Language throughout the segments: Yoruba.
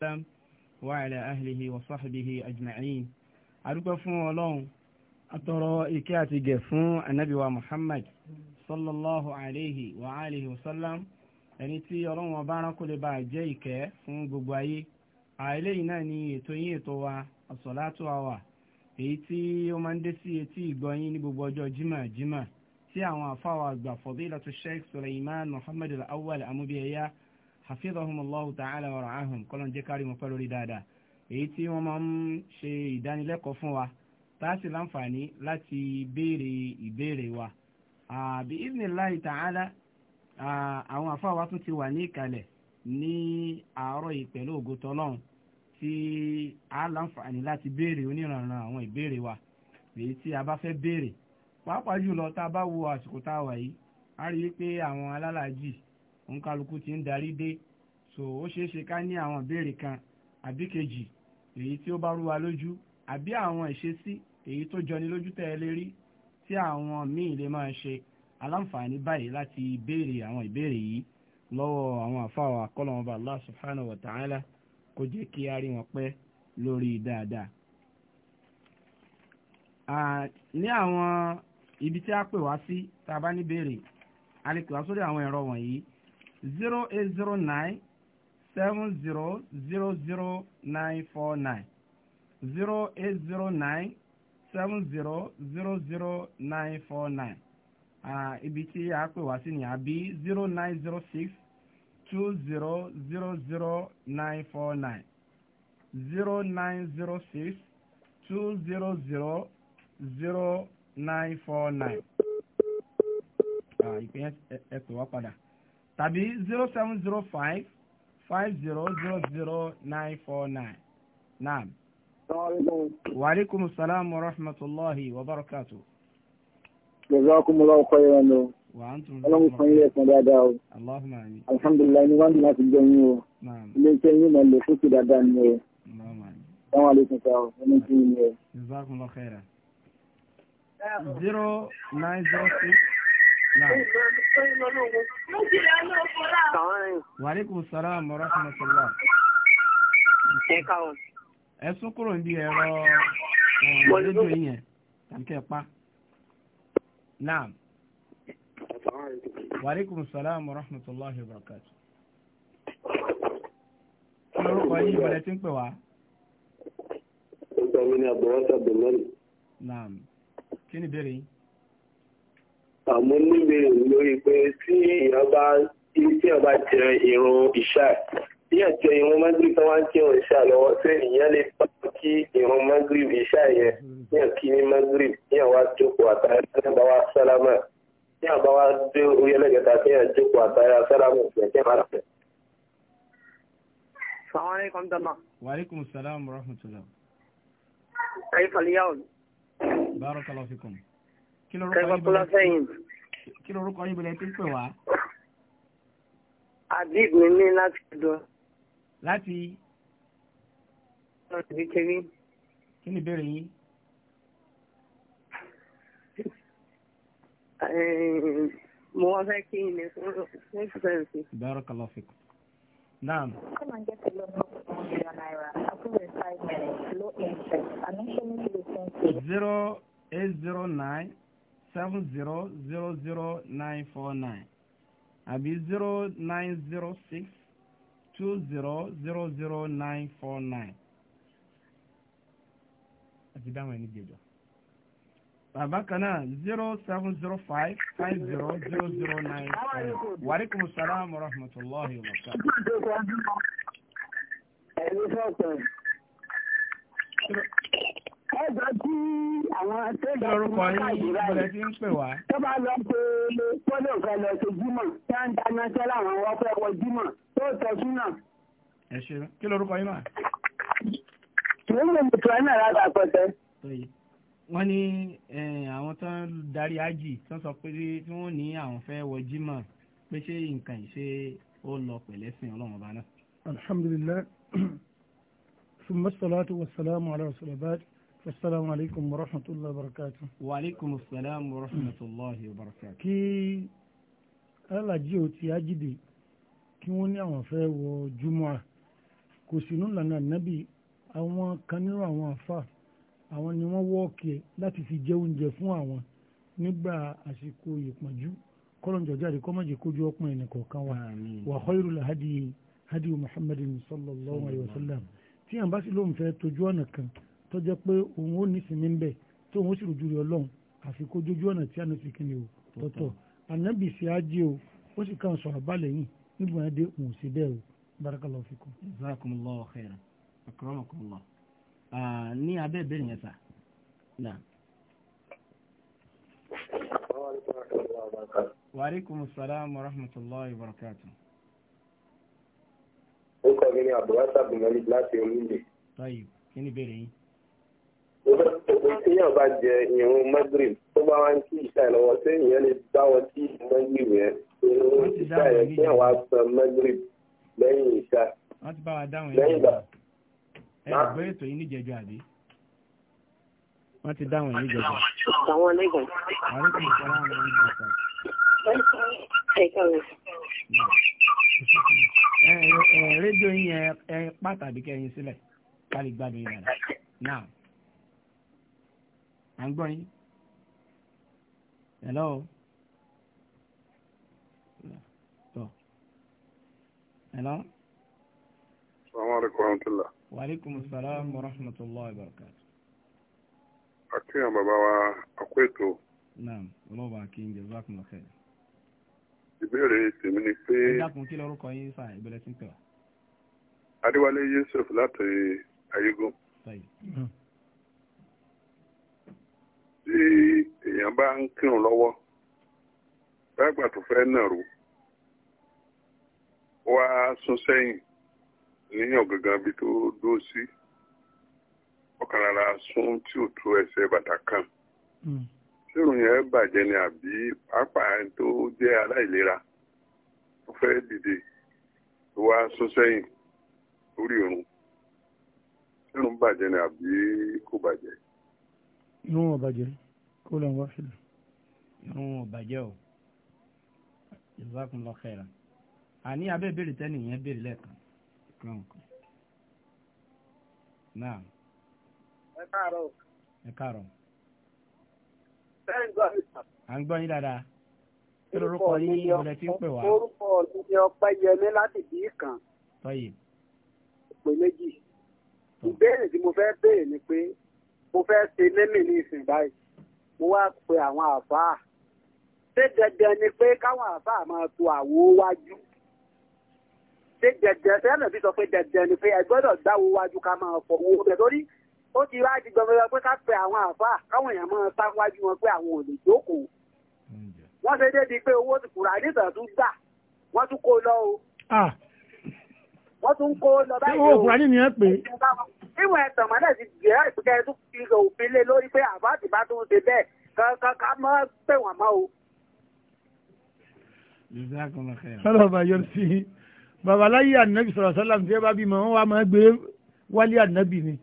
sallam wa ala ahlihi wa sahbihi ajma'in adúpẹ́ fún ọlọ́run atọrọ ìkẹ́ àti gẹ̀ fún anabi wa muhammad sallallahu alayhi wa alihi wa sallam ẹni tí ọlọ́run ọba aránkó lè bá jẹ́ ìkẹ́ fún gbogbo ayé àìléyìn náà ni ètò yín ètò wa as àwà èyí tí ó máa ń dé sí etí ìgbọ̀nyín ní gbogbo ọjọ́ jimá jimá tí àwọn àfáwà àgbà fadilatu sheikh suleiman muhammad al-awwal amúbíyẹyà hafizahum allahu ta'ala wa ra'ahum kọ́lọ́n jẹ́ kárí wọn pẹ́ lórí dáadáa èyí tí wọ́n máa ń ṣe ìdánilẹ́kọ̀ọ́ fún wa tá a sì láǹfààní láti béèrè ìbéèrè wa àbí ibnillahi ta'ala àwọn àfa wa tún ti wà ní ìkàlẹ̀ ní àárọ̀ yìí pẹ̀lú ògo tọ́lọ́run tí a láǹfààní láti béèrè oníranran àwọn ìbéèrè wa èyí tí a bá fẹ́ béèrè pàápàá jùlọ tá a bá wo àsìkò tá a wà yìí a rí i pé àwọn alálàájì òǹkàlùkù ti ń darí dé so ó ṣeé ṣe ká ní àwọn ìbéèrè kan àbí kejì èyí tí ó bá rú wa lójú àbí àwọn ìṣesí èyí tó jọni lójú tẹ́ ẹ lè rí tí àwọn míì lè máa ṣe aláǹfààní báyìí láti béèrè àwọn ìbéèrè yìí lọ́wọ́ àwọn àfáwà kọ́lọ́mọba Allah subhanahu wa ta'ala kó jẹ́ kí a rí wọn pẹ́ lórí dáadáa. ní àwọn ibi tí a pè wá sí tá a bá ní béèrè a lè pè wá sórí àwọn ẹ̀rọ wọ̀nyí zero eight zero nine seven zero zero zero nine four nine zero eight zero nine seven zero zero zero nine four nine ibi tí a pè wá sí ni àbí zero nine zero six two zero zero zero nine four nine zero nine zero six two zero zero zero nine four nine ìpín ẹ̀pẹ̀ wá padà tàbí zero seven zero five five zero zero zero nine four nine naam. waaleykum salaam wa rahmatulahi wa barakatu. jazakumullahu khairan o. ọlọ́run fún yín ẹ̀sán dáadáa o. alhamdulilayi ni wọ́n ti láti jẹ́ yín o. ilé iṣẹ́ yín náà lè fúkú dáadáa ni o. sáwọn aleykum sáà o ẹni tí yín ni o. jazakumullahu khairan. zero nine zero six. Wàlékún sọ́rọ́ àmọ́rọ́ fúnmọ́sọ́lá. Ẹ sún kúrò níbi ẹ̀rọ eh, rédíò yẹn tàbí kẹ́ pa. Náà. Wàlékún sọ́rọ́ àmọ́rọ́ fúnmọ́sọ́lá ìbùrọ̀kàtù. Lórúkọ yìí ìbọ̀lẹ̀ tí ń pè wá. Ó gbà mí ní àbọ̀wọ́sà Bẹ̀mẹ́rì. Náà. Kí ni ìbéèrè yín? àmú níbèrè lórí pé tí èèyàn bá tí èèyàn bá jẹ irun ìṣá tí èèyàn jẹ irun magrib tó wá ń kírun ìṣá lọ́wọ́ sí èèyàn lè pa kí irun magrib ìṣá yẹn ní àkí ní magrib ní àwa jókòó àtàrà ní àbáwá sálámà ní àbáwá dé orí ẹlẹ́gẹ̀ta kí èèyàn jókòó àtàrà sálámà ìṣẹ̀ kí èèyàn rà. Assalamu alaikum dama. Wa alaikum assalam wa rahmatullah. Kayfa al-yawm? Barakallahu fikum kí lorúkọ yín bẹ̀rẹ̀ tí ń pè wá. Habib mi ní láti dùn. Láti. Láti kékeré. Kí ni ìbéèrè yín? Mo wá fẹ́ kí ni fún ìfẹ́ǹsì. Barakallahu fik. Naam. Come and get a loan of 1 million naira. Approve in 5 minutes. Low interest. I'm not sure if Zero eight zero nine. seven zero zero be nine àbí zero nine zero six two zero zero zero nine four nine. àti dáhùn ẹni jẹjọ. bàbá kan náà zero seven zero five five zero zero zero nine four. wàríkùmù sàlámù rahmatulahi wa barakatuh. ẹ̀yin fọ́ọ̀tẹ̀. ẹjọ́ tí àwọn tẹ́jọ́ tó ń káàdì báyìí tó bá lọ pé pọ́lọ̀ fẹ́ lọ sí jímọ̀ tí wọ́n ń dáná tẹ́ láwọn wọ́n fẹ́ wọ jímọ̀ tó tọ́ sí náà. ẹ ṣe kí lorúkọ yín náà. mo ń gbèmí tó ẹ̀nà lára àpẹtẹ. wọ́n ní àwọn tó ń darí ájì tó sọ pé tí wọ́n ní àwọn fẹ́ wọ jímọ̀ pé ṣé nǹkan ìṣe ó lọ pẹ̀lẹ́sìn ọlọ́run ọba náà. alhamdulillah ثم الصلاة والسلام على رسول الله السلام عليكم ورحمة الله وبركاته وعليكم السلام ورحمة الله وبركاته kí alájí ò ti ajídé kí wọ́n ní àwọn fẹ́ wọ júmọ́à kò sínú lànà nábì àwọn kan nínú àwọn àfà àwọn ni wọ́n wọ́ọ̀kì láti fi jẹ oúnjẹ fún àwọn nígbà àsìkò ìpọ́njú kọ́lọ́njọ jáde kọ́mọ̀jì kójú ọpọ́n ẹnì kọ̀ọ̀kan wa wa khairul hadi hadi muhammadin sallallahu alayhi wa sallam tí àwọn bá sì lóun fẹ́ tójú ọ̀nà kan tó jẹ́ pé òun ó nísìnyí ńbẹ̀ tó òun ó sì rojú rí ọlọ́run àfi kó jójú ọ̀nà tí ànábì kìíní o tọ̀tọ̀ ànábì sí ájé o ó sì kàn sọ̀rọ̀ bálẹ̀ yìí nígbà yẹn dé òun sí bẹ́ẹ̀ o barakallahu fikum. jazakumullahu khairan akramakumullah ní abẹ́ ìbéèrè yẹn sà. wa alaikum salaam wa rahmatullahi wa barakatuh ó kọ́ mi ní abdulrasaq bin ali láti orílẹ̀. báyìí kí ni ìbéèrè yín pé téèyàn bá jẹ ìrún magrib tó bá wá ń kí ìṣá ìlọ́wọ́ ṣé ìyẹn lè dáwọ́ kí magrib yẹn ìrún ìṣá yẹn kí àwọn asan magrib lẹ́yìn ìṣá. wọ́n ti bá wa dáhùn yẹn nígbà ẹ gbé ètò yìí níjẹ̀jọ́ àbí wọ́n ti dáhùn yìí níjẹ̀jọ́. àwọn lẹ́gàn. àwọn lẹ́gàn ti dáhùn yìí níjẹ̀jọ́. ẹ̀ka rẹ̀ rédíò yín ẹ pàtàkì kẹyìn sílẹ̀ ká lè gbádùn yín dáadáa à ń gbọ́ yín hello hello. salaamaleykum wa rahmatulah. wa aleykum salaam wa rahmatulah wa barakatu. akéèyàn bàbá wa àkó ètò. naam olóòbá akéèyàn jazakumullah khair. ìbéèrè tèmi ni pé. ẹ dákun kí lórúkọ yín sáà ìbẹ̀rẹ̀ sí ń pè wá. adéwálé yusuf láti ayégún. tí èèyàn bá ń kírun lọ́wọ́ dágbà tó fẹ́ nàró wá sún sẹ́yìn ní ọ̀gángan bí tó dó sí ọkàn rárá sún tí ò tó ẹsẹ̀ bàtà kan ṣèrò hmm. yẹn bàjẹ́ ni àbí pàápàá tó jẹ́ aláìlera tó fẹ́ dìde tó wá sún sẹ́yìn lórí irun ṣèrò bàjẹ́ ni àbí kò bàjẹ́. irun wọn bàjẹ́ kó lè wá sílẹ̀. irun wọn bàjẹ́ o jazakumullahu khairan àní abẹ́ ìbéèrè tẹ́nì yẹn béèrè lẹ́ẹ̀kan kan kan náà. ẹ káàárọ̀. ẹ káàárọ̀. bẹ́ẹ̀ ń gbọ́ mi à ń gbọ́ yín dáadáa. kí lorúkọ yín ìrọ̀lẹ́ orúkọ mi ni Ọpẹ́yẹmí láti bí kan. tọ́yì. ìpè méjì. ìbéèrè tí mo fẹ́ béèrè ni pé mo fẹ́ ṣe lẹ́mì ní ìsìn báyìí mo wá pe àwọn àfáà ṣé dandan ni pé káwọn àfáà máa to àwo wájú ṣé dandan ṣé ẹnà bí sọ pé dandan ni pé ẹ gbọ́dọ̀ dáwó wájú ká máa fọ owó rẹ̀ lórí ó ti wá di gbọmọdé pé ká pe àwọn àfáà káwọn èèyàn máa sá wájú wọn pé àwọn ò lè jókòó wọ́n ṣe débi pé owó ti kùrà nígbà tó gbà wọ́n tún kó lọ wọ́n tún kó lọ báyìí. owó òkúra nínú yẹn pé. níwọ̀n ẹ̀tàn mọ́lẹ̀ ti gbéra ìpínlẹ̀ tó fi hàn òfin lé lórí pé àbá ti bá tún ṣe bẹ́ẹ̀ kankan ká mọ́ pé wọ́n mọ́ o. sọlọ bá yọ sí i babaláyé ànábì sọ̀rọ̀ sọ́lá tí ẹ bá bímọ wọn wá máa gbé wálé ànábì ni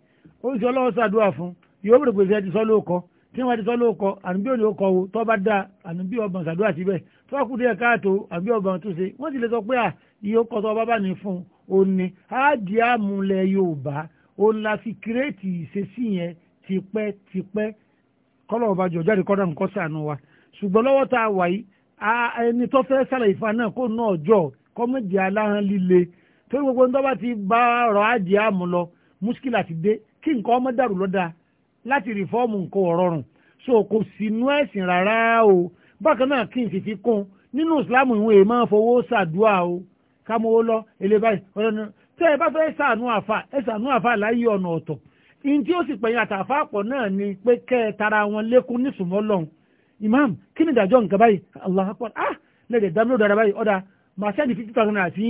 ó sì ọlọ́wọ́ sàdúrà fún yóò bèrè pèsè ẹtì sọ́lọ́ kọ́ tí wọ́n ti sọ́lọ́ kọ́ ànúbí òní ó kọ́ o tọ́ bá dáa ànúbí ọgbọ̀n sàdúrà síbẹ̀ tọ́kùnrin ẹ̀ káàtó ànúbí ọgbọ̀n tó wọ́n sì lè sọ pé à iye ó kọ́ tọ́ bá ní fún un ó ní áàdì àmúlẹ̀ yorùbá òun la fi kírètì ìṣesí yẹn tipẹ́tipẹ́ kọ́lọ̀ ọba jọ̀ọ́ jáde kọ́dà nǹkan sànù wa ṣùgbọ́n lọ́wọ́ tá a wà yìí ẹni tó fẹ́ sàlàyé fa náà kó náà jọ kọ́mọ̀dé aláhán líle torí gbogbo ń tọ́ba ti bá ọ̀rọ̀ áàdì àmú lọ múṣkìlà ti dé kí nǹkan ọmọ dàrú lọ́dà láti rìfọ́ọ̀mù nǹkan ọ̀rọ̀rùn so kò sínú ẹ̀sìn rárá o bákan náà kí n sì kún nínú ìsìlámù ìwọ̀n èèmọ̀ fowó ṣàdúrà o kámowó lọ ilé báyìí ọ̀rẹ́nu tẹ́ ẹ bá fẹ́ sàánú àfà ẹ sàánú àfà láyé ọ̀nà ọ̀tọ̀ in tí ó sì pẹ̀yìn àtàfà pọ̀ náà ni pé kẹ́ ẹ tara wọn lékún nísùmọ́ lọ́hùn imam kí ni ìdájọ́ nǹkan báyìí allah akbar ah lẹ́dẹ̀ dámúlò dára báyìí ọ̀dà màá sẹ́ni fifty thousand naira sí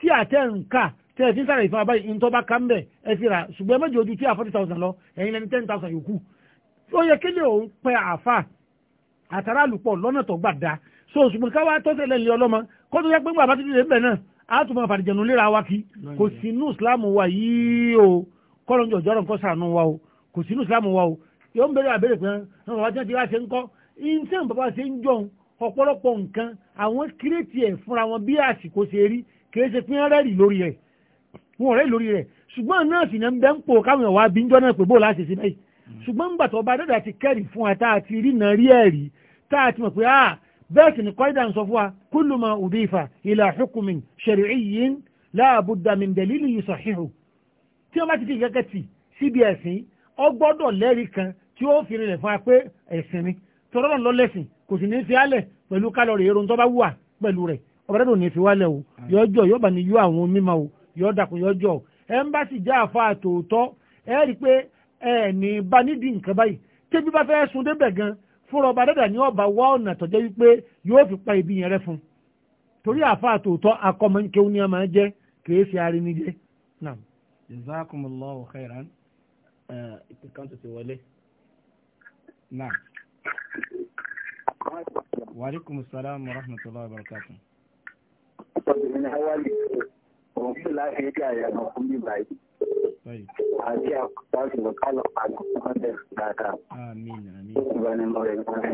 tí àtẹ̀ ń kà tẹ́ ẹ fi ń sára ìfún abáyìí in tó bá ká ń bẹ̀ ẹ fi rà ṣùgbọ́n ẹ méjì ojú tí a so ṣùgbọ́n káwá tó tẹ̀lé ní kó tó yẹ pé bàbá títí lè bẹ̀ náà á tún máa fàdìjẹ̀nu léra wa kí kò sí inú ìsìláàmù wa yìí o kọ́lọ́njọ ìjọ́rọ̀ nǹkan sànù wa o kò sí inú ìsìláàmù wa o yóò ń bẹ̀rẹ̀ àbẹ̀rẹ̀ pé àwọn bàbá tí wọ́n ti ń kọ́ iṣẹ́ bàbá ṣe ń jọun ọ̀pọ̀lọpọ̀ nǹkan àwọn kírètì ẹ̀ fúnra wọn bí àsìkò ṣe rí kì í ṣe lórí rẹ̀ wọ́n rẹ́rì lórí rẹ̀ ṣùgbọ́n náà ذاك القاعدة صفوها كل ما أضيف إلى حكم شرعي لا بد من دليل يصححه tí wọ́n bá ti fi kẹ́kẹ́ tì síbi ẹ̀sìn ọ gbọ́dọ̀ lẹ́rìí kan tí ó fi rinlẹ̀ fún wa pé ẹ̀sìn ni tọ́lọ́rọ̀ lọ lẹ́sìn kò sì ní í fi álẹ̀ pẹ̀lú kálọ̀rì èrò tó bá wà pẹ̀lú rẹ̀ ọ̀bẹ̀rẹ̀ ò ní fi wálẹ̀ o yọjọ́ yóò bá ní fúnra ọba dada ni ọba wá ọ̀nà tọ́jẹ́ wípé yóò fi pa ibi yẹn rẹ fún torí àfa tòótọ́ akọmọkéwọn ni a máa jẹ kìí ṣe arinijẹ náà. jazakumullahu khairan ìpínkan tó ti wọlé náà. wa alaikumus salam wa rahmatullahi òun pè láti ẹgbẹ́ àyànà fún mi báyìí àti àkùtà ṣùgbọ́n ká lọ pàdé fún ọ̀sẹ̀ dáadáa ó sì bá nínú rẹ̀ ní ọ̀rẹ́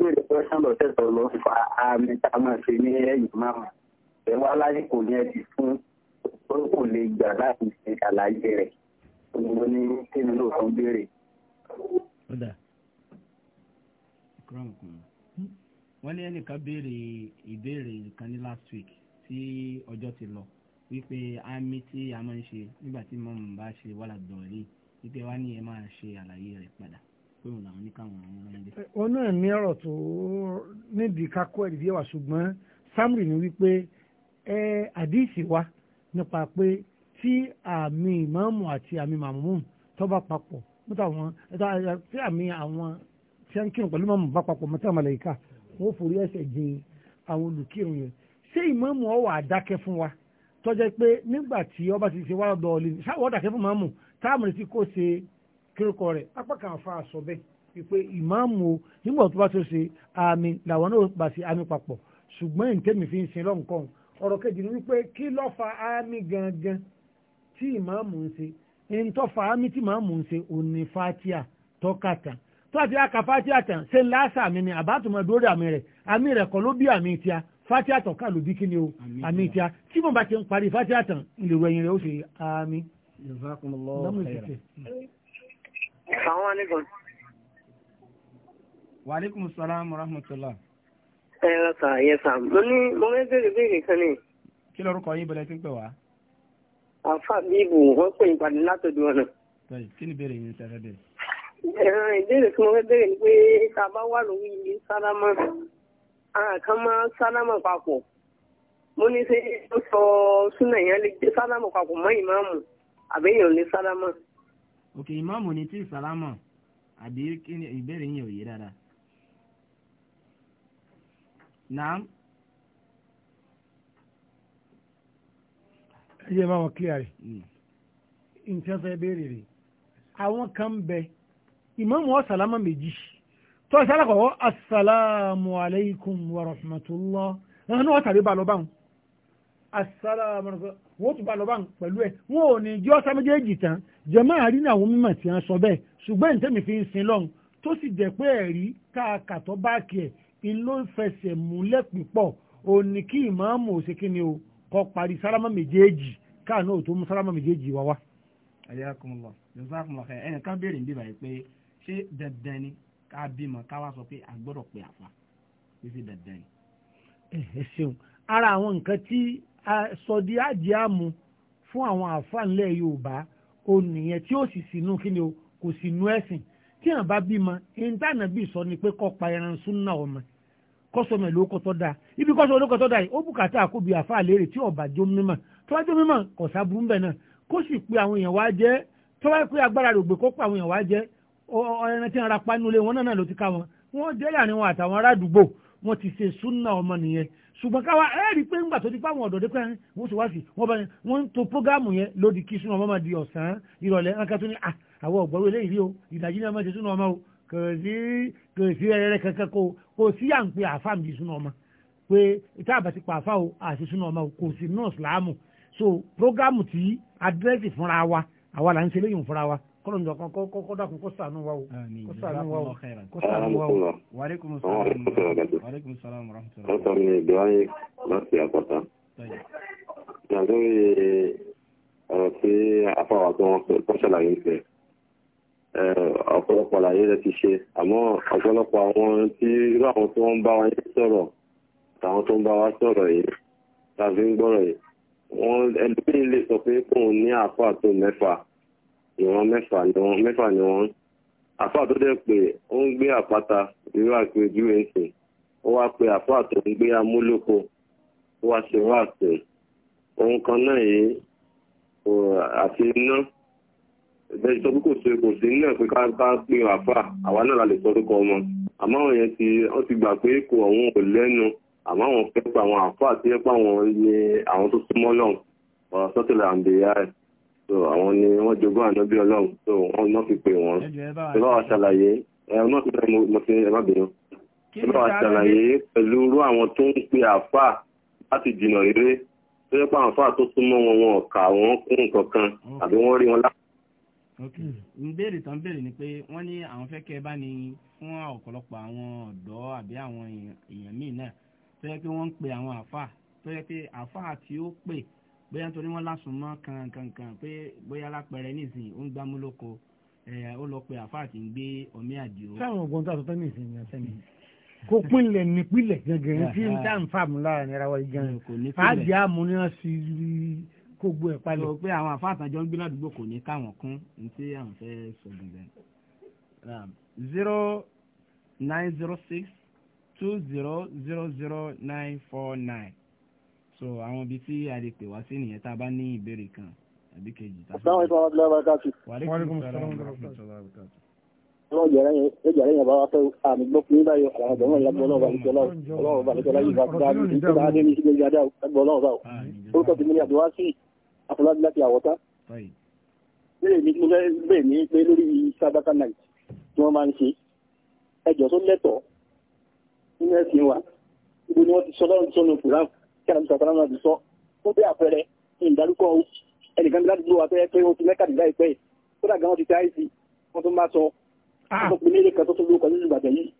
béèrè pẹ́sán lọ́tẹ̀ tó lọ fa àmì tá a máa ṣe ní ẹ̀yìn márùn-ún ẹ̀wọ́n aláyé kò ní ẹ̀dì fún ó kò lè gbà láti ṣe àlàyé rẹ̀ òun ni kí ni lóòótọ́ béèrè. wọ́n ní ẹnìkan béèrè ìbéèrè kan ní last week tí ọjọ́ ti lọ wípé àmì tí a máa ń ṣe nígbà tí mọ́mù bá ṣe wàhálà dọ̀rí wípé wá ní ẹ máa ṣe àlàyé rẹ̀ padà pé òun làwọn oníkàwọn àwọn ọmọ ilé. wọn náà ọ̀rọ̀ tó nídìí kakọ ìdí ẹwà ṣùgbọ́n samri ni wípé ẹ àdíìsì wa nípa pé tí àmì ìmáàmù àti àmì màmú tó bá papọ̀ mọ́tà wọn tí àmì àwọn tí wọ́n ń kírun pẹ̀lú màmú bá papọ̀ mọ́tà màlàíkà ṣé ìmáàmù ó wá fún wa tọ́jẹ́ pé nígbà tí ọba ti ṣe wá ọ̀dọ̀ ọ̀lẹ́ ṣáwọ́ dákẹ́ fún màmù táàmù tí kò ṣe kíríkọ rẹ̀ apá kan fa àṣọ bẹ́ẹ̀ wípé ìmáàmù o nígbà tó bá tó ṣe àmì làwọn náà bá ṣe àmì papọ̀ ṣùgbọ́n ìtẹ́mi fi ń sin lọ́nkàn ọ̀rọ̀ kejì ni wípé kí ló fa àmì gangan tí ìmáàmù ń ṣe ń tọ́ fa àmì tí ìmáàmù ń ṣe òní fatia tọ́kàtà tó àti àkà fatia tàn ṣe ńlá àṣà mi ni àbátùmọ̀ dórí àmì rẹ̀ àmì rẹ̀ kọ́ ló bí àmì tíya fatiha tán ká ló bí kí ni o àmì ìtìá tí mo bá ti ń parí fatiha tán ilé ìròyìn rẹ ó ṣe àmì. wa alaikum salaam wa rahmatullah. ẹ ẹ sà yẹ sà mo ní mo fẹ́ bèrè bèrè kan ni. kí lorúkọ yín bẹ̀rẹ̀ tí ń pè wá. àfa bíbù wọn pè ìpàdé látọ̀dọ̀ ọ̀nà. kí ni bèrè yín sẹ́fẹ́ bèrè. ìbéèrè tí mo fẹ́ bèrè ni pé tá a bá wà lórí sálámà. Ah, kan máa sálámà papọ̀ mo ní ṣe ó sọ súnà yẹn lè gbé sálámà papọ̀ mọ́ ìmáàmù àbí èèyàn lè sálámà. òkè ìmáàmù ni tí sálámà àbí ìbéèrè yẹn ò yé dáadáa. naam. ẹ jẹ́ máa wọ kílíà nǹkan hmm. fẹ́ béèrè rẹ̀ àwọn kan bẹ ìmáàmù ọ̀ sálámà méjì tó ṣe alákọ̀ọ́ assalamu alaikum wa rahmatullah ẹnu wọ́n tàbí balọ̀bán assalamu alaikum wọ́n tún balọ̀bán pẹ̀lú ẹ̀ wọ́n ò ní jọ́ sá méjèèjì tán jẹ́mọ́ àrínà àwọn mímọ̀ tí wọ́n sọ bẹ́ẹ̀ ṣùgbọ́n ìtẹ́mi fi ń sin lọ́hùn tó sì jẹ́ pé ẹ̀rí káàkàtọ́ báàkì ẹ̀ ìlú fẹsẹ̀ múlẹ̀ púpọ̀ òní kí ìmáàmù o kọ parí sálámà méjèèjì káàánú ò tó mú sálámà méjèèjì wá wá. ayé akumulọ yorùbá akumulọ ẹ ẹnìkan béèrè ń bí báyìí pé ṣé dandan ni ká bímọ ká wá sọ pé a gbọ́dọ̀ pé àfa fífi dandan yìí. ẹ ṣeun ara àwọn nǹkan tí sọdí àjíàmù fún àwọn àfa ńlẹ̀ Yorùbá o nìyẹn tí ó sì sínú kí ni o kò sínú ẹ̀sìn tí àwọn bá bímọ ìńtánà bí sọ ni pé kọ́ pa ẹran súnà ọmọ kọ́sọ̀mọ̀ ìlú kọ́tọ́ da ibi kọ́sọ̀mọ̀ ìlú kọ́tọ́ da yìí ó bùkátà àkóbi àfa àlérè tí ọ̀bà jó mímọ̀ tó jó mímọ̀ kọ̀sá burú bẹ̀ náà kó sì pé àwọn èèyàn wá jẹ́ tó pé agbára rògbè kó pa àwọn èèyàn wá jẹ́ ẹran tí ń ra panulé wọn náà ló ti ká wọn wọn jẹ́ yàrá wọn àtàwọn ará àdúgbò wọn ti ṣe súnà ọmọ nìyẹn ṣùgbọ́n káwa ẹ rí i pé ńgbà tó ti pa àwọn ọ̀dọ́dé pé wọ́n ti wá sí wọ́n bá wọ́n ń to prógáàmù yẹn lódì kí súnà ọmọ máa di ọ̀sán ìrọ̀lẹ́ ẹ̀ka tó ní à àwọn ọ̀gbọ́rú eléyìí rí o ìdajì náà máa ṣe súnà ọmọ o kò sí kò sí ẹrẹ kankan kò kò sí à ń pe àfa mi súnà ọmọ pé tá a bá ti pa àfa o àṣẹ súnà ọmọ o kò sí nọ́ọ̀sì láàmù so prógáàmù tí adírẹ́sì fúnra wa àwa là ń ṣe léyìn fúnra wa kọ́lọ̀ ní ọkàn kọ́ dákun kó sànú wa o kó sànú wa o kó sànú wa o. wàlékùn sàlámù wàlékùn sàlámù rahmatulah. wọ́n sọ mi ìdíwáyé láti àpáta. yàtọ̀ ọ̀rọ̀ tí afáwà tó wọ́n sọ tó ṣàlàyé ń fẹ́ ọ̀pọ̀lọpọ̀ àlàyé rẹ̀ ti ṣe àmọ́ ọ̀pọ̀lọpọ̀ àwọn tí irú àwọn tó ń bá wa sọ̀rọ̀ àtàwọn tó ń bá wa sọ̀rọ̀ yìí tàbí ń gbọ́rọ̀ yìí wọ́n ẹlòmíín lè sọ pé kóun ní àpá tó mẹ́fà ìwọ̀n mẹ́fà ni wọ́n mẹ́fà ni wọ́n àfà tó dẹ̀ pé ó ń gbé àpáta irú àpèjúwe ń sìn ó wá pe àfà tó ń gbé amúlòkó ó wá ṣe wá àpè ohun kan náà yìí àti iná bẹ́ẹ̀ sọ pé kò ṣe kò sí náà pé ká bá pín àfà àwa náà la lè sọ orúkọ ọmọ àmọ́ àwọn yẹn ti wọ́n ti gbà pé kò àwọn ò lẹ́nu àmọ́ àwọn fẹ́ pa àwọn àfà àti ẹ̀pọ̀ àwọn ní àwọn tó súnmọ́ náà ọ̀rọ̀ sọ́tẹ̀lẹ̀ àǹdẹ̀yà rẹ̀ so àwọn ni wọ́n jogún ànábí ọlọ́run so wọ́n náà fi pè wọ́n ẹ bá wa ṣàlàyé ẹ náà fi pẹ́ mo fi ẹ má bínú ẹ bá wa ṣàlàyé pẹ̀lú irú àwọn tó ń pe àáfàá láti dìnà eré tó yẹ pé àwọn àáfàá tó súnmọ́ wọn wọn kà wọ́n kún nǹkan kan àbí wọ́n rí wọn lá. ok ìbéèrè tán béèrè ni pé wọ́n ní àwọn fẹ́ kẹ́ ẹ bá ní fún ọ̀pọ̀lọpọ̀ àwọn ọ̀dọ́ àbí àwọn èèyàn míì náà tó yẹ pé wọ́n ń pe àwọn àáfàá tó yẹ pé àáfàá tí ó pè bóyá nítorí wọn lásùn mọ́ kankankan pé bóyá lápẹẹrẹ nísìnyí ó ń gbámú lóko ó lọ pé àfáà ti ń gbé ọmí àdìo. sáwọn ọgbọ́n tó àtọ́tọ́ ní ìsinmi ọ̀sẹ̀ mi kó pinlẹ̀ nípìnlẹ̀ gẹ́gẹ́ tí n tá n fàmù lára nira wọlé gan fàájì àmúnira sí i kó gbó ẹ̀ palẹ̀. sọ pé àwọn àfáà àtàjọ ń gbé ládùúgbò kò ní káwọn kún ní tí àwọn fẹ́ sọ gbọ̀ngàn. zero nine zero six two zero zero zero nine four nine so àwọn ibi tí a lè pè wá sí nìyẹn tá a bá ní ìbéèrè kan àbí kejì. sáwọn ìfọwọ́ abúlé wa káàtì. wàlẹ́kùn sọ́lá ọlọ́run jẹ̀rẹ̀ yẹn ẹ yẹn bá wá fẹ́ àmì gbọ́ pé báyọ̀ àwọn ọ̀dọ́mọ̀ ìyá gbọ́ lọ́wọ́ àlejò ọlọ́run àlejò yìí bá gbá mi ní ìgbà dé mi sí gbẹ̀gbẹ̀ àgbọ̀ ọlọ́run bá o. orúkọ tèmi ni àdúrà sí àfọlábí láti àwọ̀tá. bẹ́ẹ̀ ni mo fẹ́ kí àná bisọ̀ sọ́nà ti sọ ó bẹ́ àpẹẹrẹ ìdálúkọ ẹnìkan bí ládùúgbò wa tẹ́lẹ̀ pé ó ti mẹ́ka dìgbà ìpẹ́ yìí ó dàgbà wọn ti tẹ́ àìsí wọn tó ń bá sọ ah. wọn tó pinnu ilé kan tó tó lóko nínú ìbàdàn yìí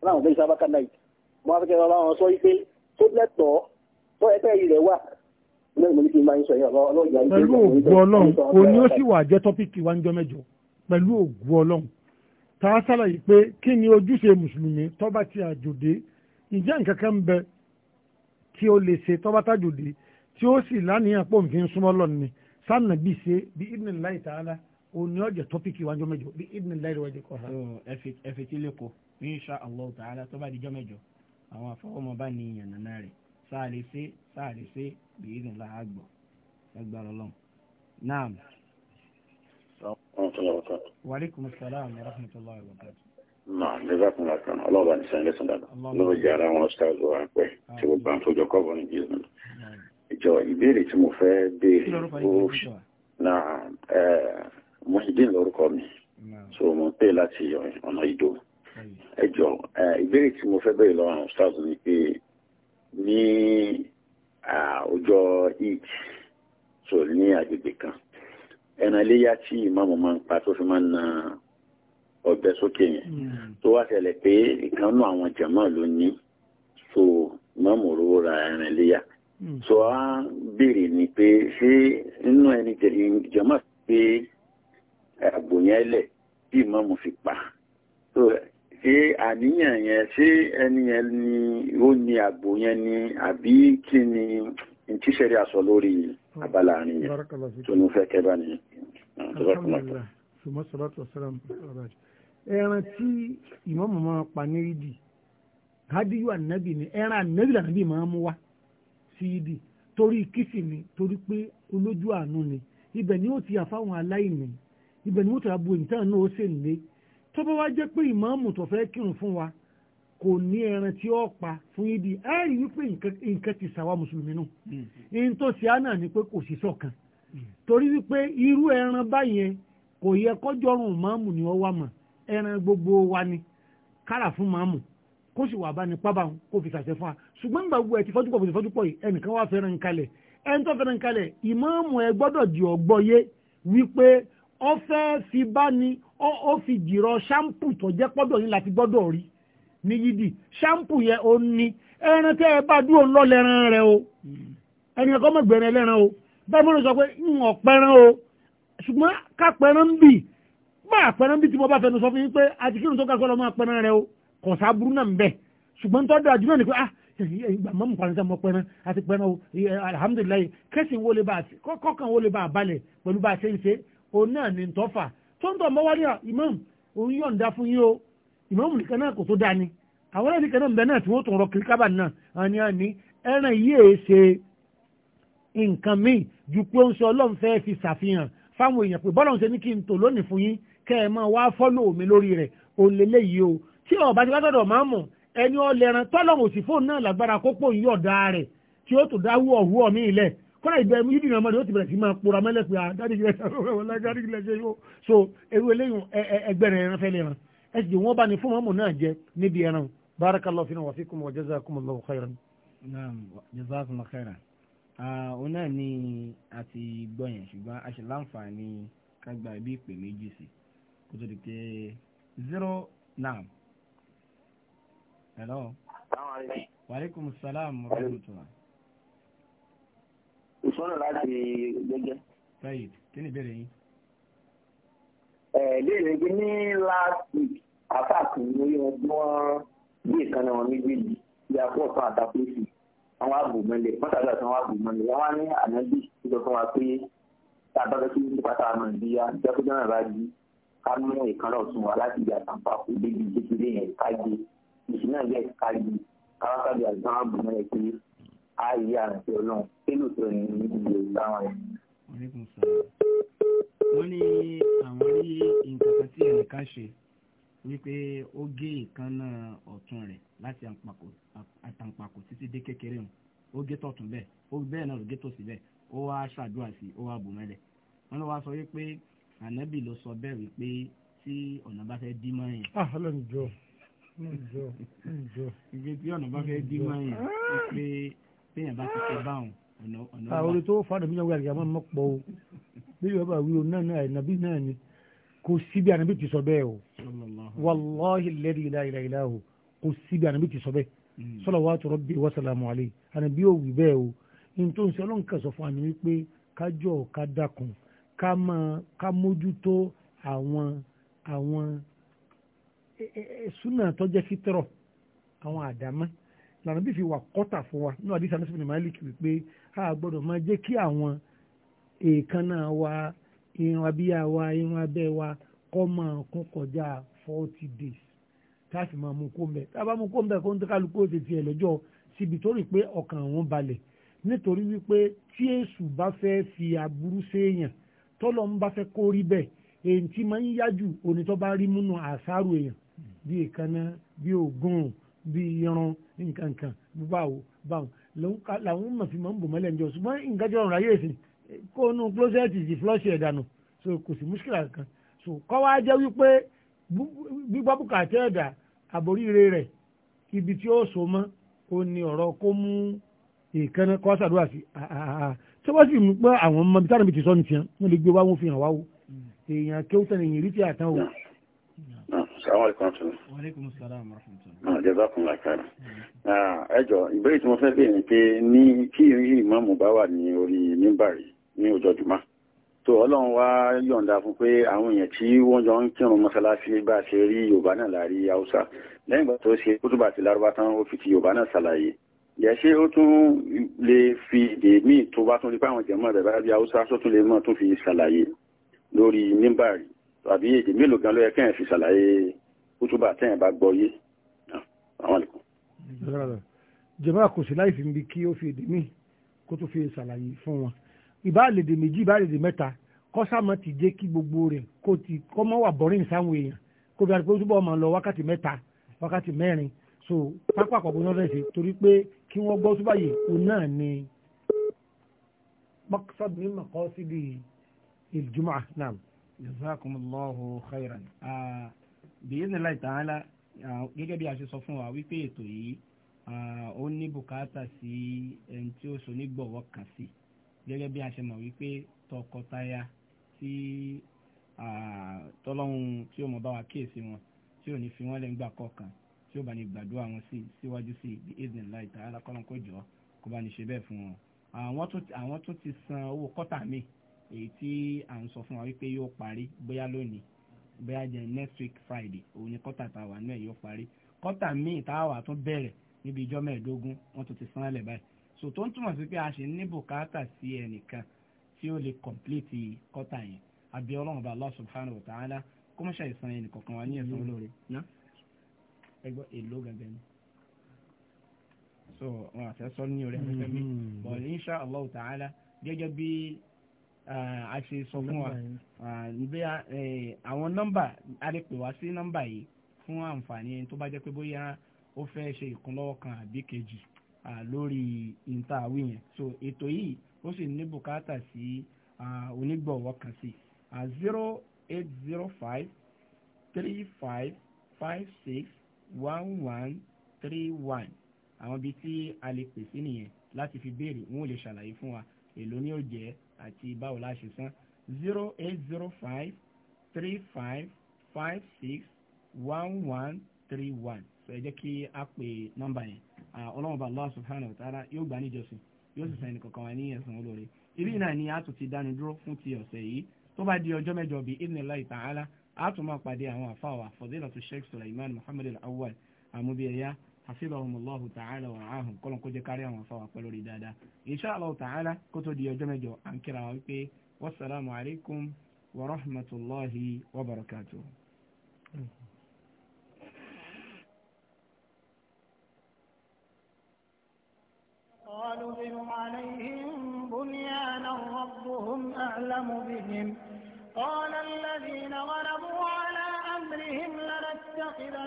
wọn làwọn fẹ́ẹ́ sábà kànáì mo wá fẹ́kẹ́ ọlọ́run sọ wípé tó lẹ́tọ̀ọ́ tó ẹgbẹ́ ilẹ̀ wà pẹ̀lú ògùn ọlọ́run òní ó sì wà jẹ́ tọ́pìkì wa ń jọ mẹ́jọ pẹ̀lú ògùn ọlọ́run tá a ṣàlàyé pé kí ni ojúṣe mùsùlùmí tó bá ti àjòdè ǹjẹ́ nǹkan kan ń tí ó lè ṣe tọ́ba tájòdì tí ó sì lánìyàn pò ń fi ń súnmọ́ lọ́nà ni sanna bí ṣe bí ibn láì tààlà òní ọjà tọ́pìkì wájú mẹ́jọ bí ibn láì wájú kọ́ ha. ẹ fi tí lẹ́kọ̀ọ́ insha allah ta'ala tó bá dijọ́ mẹ́jọ àwọn afọwọ́mọ bá ní ìyànnà rẹ̀ sáà lè ṣe sáà lè ṣe bí ibn láì àgbọ̀ ẹgbàá lọ́lọ́m naam. wàlíkùmù sàlámù rahmatulahi wa barakatuh náà lẹ́gbàkùn làkàn ọlọ́ọ̀bà ní sẹ́yìn lẹ́sìn dáadáa lọ́wọ́ jẹ́ ara wọn stars wà pẹ́ tí gbogbo àwọn tó jọ kọ́ bọ́ ní jesus ìjọ ìbéèrè tí mo fẹ́ béèrè ó na mohidin lórúkọ mi so mo pè láti ọ̀nà ìdó ẹjọ ìbéèrè tí mo fẹ́ béèrè lọ́wọ́ àwọn stars ni pé ní ọjọ́ eid so ní agbègbè kan ẹran iléyà tí ìmáàmù máa ń pa tó fi máa ń na ọbẹ̀ sókè yẹn hmm. tó wá ṣẹlẹ̀ pé ìkànnù àwọn jẹ̀mọ́ ló ní so mọ́mù rówó ra ẹran léyà hmm. so a béèrè ni pé ṣé inú ẹni jẹ̀mọ́ pé àgbò yẹn lẹ̀ bí mọ́mù fi pa so ṣé àníyàn yẹn ṣé ẹni yẹn ni ó ní àgbò yẹn ni àbí kí ni n tí ṣẹlẹ̀ aṣọ lórí abala àárín yẹn tó ní fẹ́ kẹ́ bá nìyẹn. Alhamdulillah. ثم الصلاة والسلام على ẹran tí ìmọ̀mọ̀ máa pa ní ìdì hádìyú ànábì ni ẹran ànábì lànábì máa mú wá sí ìdì torí kìsì ni torí pé olójú àánú ni ibẹ̀ ni ó ti yà aláìní ibẹ̀ ni ó ti abo náà ó sì lé jẹ́ pé ìmọ̀mù tó fẹ́ fún wa kò ní ẹran tí pa fún ìdì ẹ rí wípé nǹkan ti sàwa mùsùlùmí nù mm-hmm. ni pé kò sí mm-hmm. torí wípé irú yẹ ni ọ wà ẹran gbogbo wa ni kára fún màmù kó sì wà bá ní pábà kó fi sàṣẹ fún wa ṣùgbọ́n nígbà gbogbo ẹ̀ ti fọ́jú pọ̀ fọ́jú pọ̀ yìí ẹnìkan wá fẹ́ràn nkalẹ̀ ẹni tó fẹ́ràn nkalẹ̀ ìmáàmù ẹ gbọ́dọ̀ di ọgbọ́yé wípé ọ fẹ́ fi bá ni ó fi jìrọ ṣámpù tó jẹ́ pọ́dọ̀ yín láti gbọ́dọ̀ rí ní yídì ṣámpù yẹn ó ní ẹran tẹ́ ẹ bá dúró lọ́lẹ́ran rẹ o ẹni ẹ̀kọ́ mọ̀gbẹ̀rẹ̀ lẹ́ran o bẹ́ẹ̀ mọ́ni sọ pé ń ọ̀pẹ̀ran o ṣùgbọ́n kápẹ́ran bì máa pẹran bí tí mo bá fẹnu sọ fún yín pé àti kírun tó kásọ́ lọ máa pẹran rẹ o kò sá burú náà ń bẹ̀ ṣùgbọ́n tọ́jú àdúrà ni pé ah ìgbà mọ́ mi pàṣẹ mọ́ pẹran àti pẹran o alhamdulilayi kẹ́sìn wo lè bá kọ́kàn wo lè bá balẹ̀ pẹ̀lú bá a ṣe ń ṣe òun náà ni tọ́fà tó ń tọ́ mọ́ wálé ah, imam òun yọ̀ǹda fún yín o imam nìkan náà kò tó dáa ni àwọn ẹ̀rọ nìkan náà ń bẹ náà tí wọ́n tún rọ kiri kábà náà àní àní ẹran yìí ṣe nǹkan míì ju pé ó ń ṣe ọlọ́run fẹ́ fi ṣàfihàn fáwọn èèyàn pé bọ́lá ń ṣe kẹ́ ẹ̀ máa wá fọ́lò mi lórí rẹ̀ òun lélẹ́yìí o tí ọ̀bá ti bá tọ̀dọ̀ máa mọ̀ ẹni ọlẹ́ran tọ́lọ̀mù sí fóònù náà lágbára kópò ń yọ̀dá rẹ̀ tí ó tó dáwú ọ̀hú ọ̀mí ilẹ̀ kọ́nà ìgbẹ́ yìí dìnnà ọmọdé ó ti bẹ̀rẹ̀ sí máa pòrà mẹ́lẹ̀ pé àdáni ìgbẹ́ ọ̀làjáde ìgbẹ́ ṣe yóò so ewu eléyìí ẹgbẹ́ rẹ̀ ẹran fẹ́lẹ̀ ẹran ẹ sì wọ́n bá ní fún mọ́mù náà jẹ níbi ẹran barakallahu fina wa fikum wa khairan. naam jazakumullahu khairan òun náà ni àti gbọ́ yẹn ṣùgbọ́n a ṣe láǹfààní ká gba ibi ìpè méjì sí i kó tó zero nine. hello. waaleykum salaam wa rahmatulah. ìsọ̀rọ̀ láti gbẹ́gẹ́. Saheed kí ni ìbéèrè yín. ìbéèrè yìí ní last week àtàkù lórí wọn bí wọ́n bí ìkànnì wọn méjèèjì bí akọ́ọ̀tún àtàkùnfì àwọn ààbò mọ́lẹ̀ wọ́n tàbí àtàwọn ààbò mọ́lẹ̀ wọ́n wá ní ànábì tó sọ fún wa pé tá a bá fẹ́ kí ní pátá àmọ́ ìdíyà jẹ́kọ́jọ́ náà bá jí ká mú ìkànnà ọ̀tún wa láti ìgbà tàǹpà kò débi kékeré yẹn káyé ìṣìn náà yẹ káyé káwákàbí àgbọn àbùmọ̀ ẹ̀ pé a yí àrùntí ọlọ́run pélò tó ní ibi ìgbàwọn rẹ̀. wọ́n ní àwọn rí nǹkan kan tí ẹnìkan ṣe wípé ó gé ìkànnà ọ̀tún rẹ̀ láti àtàǹpàkò títí dé kékeré hàn ó gé tọ̀tún bẹ́ẹ̀ ó bẹ́ẹ̀ náà ló gé tòsì bẹ́ẹ̀ ó wá ṣàdúrà sí ó wá bùmẹ́lẹ̀ wọ́n lọ wá sọ wípé ànábì ló sọ bẹ́ẹ̀ wípé tí ọ̀nà bá fẹ́ dí mọ́ yẹn. ah ọlọ́run jọ ìgbé tí ọ̀nà bá fẹ́ dí mọ́ yẹn pé téèyàn bá ti ṣe báwọn ọ̀nà ọ̀nà ah, wa. àwọn tó fàánù mi náà wíwájú àmọ́ mọ́ pọ̀ o bí yóò bá wíwo náà náà ànábì náà ni kò síbi ànábì ti sọ bẹ́ẹ̀ o wàláhi lẹ́rì ìlàìlà o kò síbi ànábì ti sọ bẹ́ẹ̀ hmm. salawatu rabbi wa salamu alayhi ànábì yóò wí bẹ́ẹ̀ o ní tó ń sọ ọlọ́run kẹsàn-án fún àná wípé kájọ ká dákun ká mọ ká mójútó àwọn àwọn súnà tó jẹ́ fítọ́rọ̀ àwọn àdámọ́ lànà bí fi wà kọ́tà fún wa ní àdìsá ní sọ́kùnrin máìlì kìí pé a gbọ́dọ̀ máa jẹ́ kí àwọn èèkánná wa irun abíyá wa irun abẹ́ wa kọ́ máa kún kọjá forty days káàsì máa mú kó mbẹ tábà mú kó mbẹ kó ń kálukú ó ti tiẹ̀ lọ́jọ́ síbi tó rí pé ọkàn àwọn balẹ̀ nítorí wípé tí èṣù bá fẹ́ fi aburú séèyàn tọ́lọ́ ń bá fẹ́ kó rí bẹ́ẹ̀ èyí tí máa ń yájú onítọ́ bá rí múnú àṣàrò èèyàn bí èkánná bí ògùn bí irun nǹkan kan báwo báwo làwọn mọ̀ fi máa ń bò mọ́lẹ̀ ń ṣùgbọ́n nǹkan jọ̀rọ̀ ráyè sí kó nu closet ti flush ẹ̀ dànù so kò sí múṣkìlà kan so kọ́ wá jẹ́ wípé gbígbọ́ bùkátẹ́ ẹ̀dà àboríire rẹ̀ ibi tí ó so mọ́ ó ní ọ̀rọ̀ kó mú èkánná kọ́ sí ah, ah, ah, tí wọ́n sì mú pé àwọn ọmọ ibi táwọn ibi ti sọ ní tiẹ̀ wọ́n lè gbé wá wọn fi hàn wá o èèyàn kéwù tẹ̀lé èèyàn ìrítí àtàn o. sàwọn ìkan tó náà jẹ́sà fún làkàrà ẹ jọ ìbéèrè tí mo fẹ́ bèèrè pé ní kí ìrírí ìmáàmù bá wà ní orí mímbàrí ní ọjọ́ jùmọ̀ tó ọlọ́run wá yọ̀ǹda fún pé àwọn èèyàn tí wọ́n jọ ń kírun mọ́sálásí bá ṣe rí yorùbá náà láàrí haúsá lẹ́yìn ìgbà tó ṣe kútùbà ti lárúbá tán ó fi ti yorùbá náà ṣàlàyé yẹ̀ṣẹ́ ó tún lè fi èdè míì tó bá tún lè pa àwọn jẹ̀mọ́ rẹ̀ bá bí haúsá tó tún lè mọ̀ tún fi ṣàlàyé lórí mímbàrí àbí èdè mélòó gan ló yẹ kẹ́yìn fi ṣàlàyé kútùbà tẹ́yìn bá gbọ́ yé àwọn àlùkò. jẹ̀mọ́ kò sí láì fi ń bi kí ó fi èdè míì kó tún fi ṣàlàyé fún wọn ìbáàlèdè méjì ìbáàlèdè mẹ́ta kọ́sàmọ́ ti jẹ́ kí gbogbo rẹ̀ kó ti kọ́mọ́ wà bọ́rìn sáwọn èèyàn kó bí a ti pé ojúbọ ọmọ lọ wákàtí mẹ́ta wákàtí mẹ́rin so pápá àkọ́kọ́ náà rẹ̀ sí torí pé kí wọ́n gbọ́ sí báyìí òun náà ni maqsad min maqasidi ìjùmọ̀ náà. jazakumullahu khairan bi'idhnillahi ta'ala gẹ́gẹ́ bí a ṣe sọ fún wa wípé ètò yìí ó ní bùkátà sí ẹni tí ó so nígbọ̀wọ́ kan sí gẹ́gẹ́ bí a ṣe mọ̀ wípé tọkọtaya tí tọ́lọ́hún tí ó mọ̀ bá wa kíyèsí wọn tí ò ní fi wọ́n lẹ́ngbà kọ̀ọ̀kan tí ó bá ní gbàdúrà wọn sí síwájú sí bí evening light tààlà kọ́lọ́kọ́ jọ kó bá ní ṣe bẹ́ẹ̀ fún wọn. àwọn tó ti san owó kọ́tà mi èyí tí à ń sọ fún wa wípé yóò parí bóyá lónìí bóyá jẹ next week friday òun ni kọ́tà tá a wà náà yóò parí kọ́tà míì tá a wà tún bẹ̀rẹ̀ níbi ìjọ mẹ́ẹ̀ẹ́dógún wọ́n tún ti san án báyìí so tó ń túmọ̀ sí pé a ṣe ní bùkátà sí ẹnìkan tí ó lè complete kọ́tà yẹn àbí ọlọ́run bá Allah subhanahu wa ẹgbọ́ èlò gẹ́gẹ́ ni so wọn àfẹ́ sọ ní orí afẹ́fẹ́ mi mm-hmm. but insha allah ta'ala gẹ́gẹ́ bí a ṣe sọ fún wa bí àwọn nọ́mbà a lè pè wá sí nọ́mbà yìí fún àǹfààní tó bá jẹ́ pé bóyá ó fẹ́ ṣe ìkúnlọ́wọ́ kan àbí kejì lórí ìntàwí yẹn so ètò yìí ó sì ní bùkátà sí onígbọ̀wọ́ kan sí zero eight zero five three five five six one one three one àwọn ibi tí a lè pè sí nìyẹn láti fi béèrè wọn ò lè ṣàlàyé fún wa èló ni ó jẹ àti báwo la ṣe san zero eight zero five three five five six one one three one sọ ẹ jẹ́ kí a pè nọ́mbà yẹn ọlọ́run bá Allah subhanahu wa ta'ala yóò gbà níjọsìn yóò sì sẹ́ni kankan wá ní ẹ̀sán olóore ibi ni a tún ti dáni dúró fún ti ọ̀sẹ̀ yìí tó bá di ọjọ́ mẹ́jọ bíi ibn Allah ta'ala أعطوا ما قادي أهو أفاوة فضيلة الشيخ سليمان محمد الأول أمبيا يا حفظهم الله تعالى وعاهم قولوا قد كاريا وفاوة قولوا ردادا إن شاء الله تعالى كتو ديو جمجو أنكرا وكي والسلام عليكم ورحمة الله وبركاته قالوا بن عليهم بنيانا ربهم أعلم بهم قال الذين غلبوا على أمرهم لنتخذن